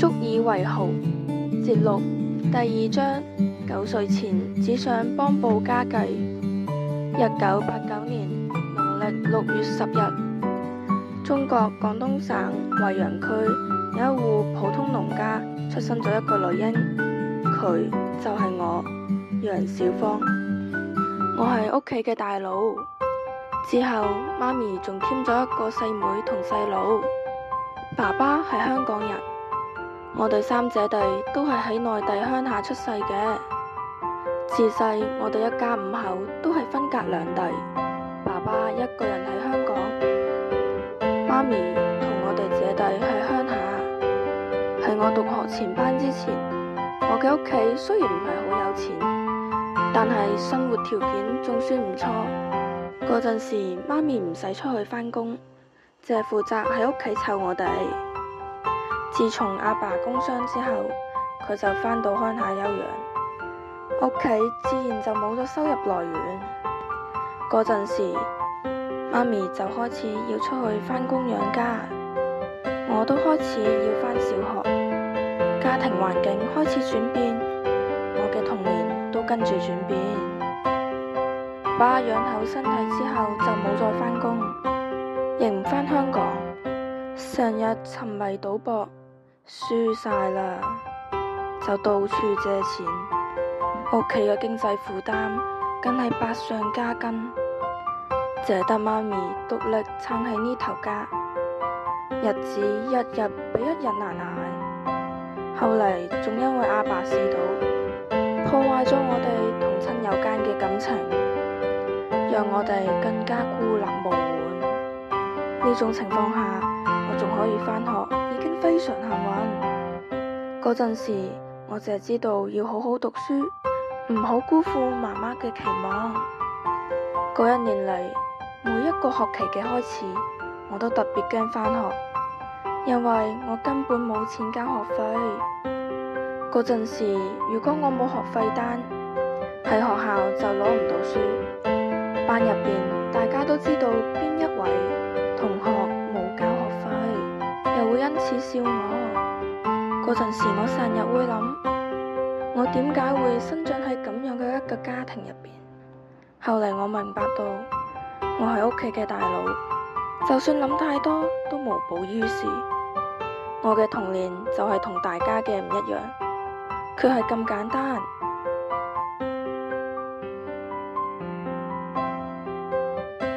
足以為豪。節錄第二章。九歲前只想幫補家計。一九八九年農曆六月十日，中國廣東省惠陽區有一戶普通農家出生咗一個女嬰，佢就係我，楊小芳。我係屋企嘅大佬。之後媽咪仲添咗一個細妹同細佬。爸爸係香港人。我哋三姐弟都係喺內地鄉下出世嘅，自細我哋一家五口都係分隔兩地，爸爸一個人喺香港，媽咪同我哋姐弟喺鄉下。喺我讀學前班之前，我嘅屋企雖然唔係好有錢，但係生活條件仲算唔錯。嗰陣時媽咪唔使出去返工，淨係負責喺屋企湊我哋。.自從阿爸，爸工傷之後，佢就返到鄉下休養，屋企自然就冇咗收入來源。嗰陣時，媽咪就開始要出去返工養家，我都開始要返小學。家庭環境開始轉變，我嘅童年都跟住轉變。爸養好身體之後就冇再返工，亦唔返香港，成日沉迷賭博。輸晒啦，就到處借錢，屋企嘅經濟負擔更係百上加斤，謝得媽咪獨力撐起呢頭家，日子一日比一日難捱。後嚟仲因為阿爸嗜賭，破壞咗我哋同親友間嘅感情，讓我哋更加孤立無援。呢種情況下，我仲可以返學。非常幸運，嗰陣時我淨係知道要好好讀書，唔好辜負媽媽嘅期望。嗰一年嚟，每一個學期嘅開始，我都特別驚翻學，因為我根本冇錢交學費。嗰陣時，如果我冇學費單，喺學校就攞唔到書，班入邊大家都知道。因此笑我，嗰陣時我成日會諗，「我點解會生長喺咁樣嘅一個家庭入面？」後嚟我明白到，我係屋企嘅大佬，就算諗太多都無補於事。我嘅童年就係同大家嘅唔一樣，卻係咁簡單。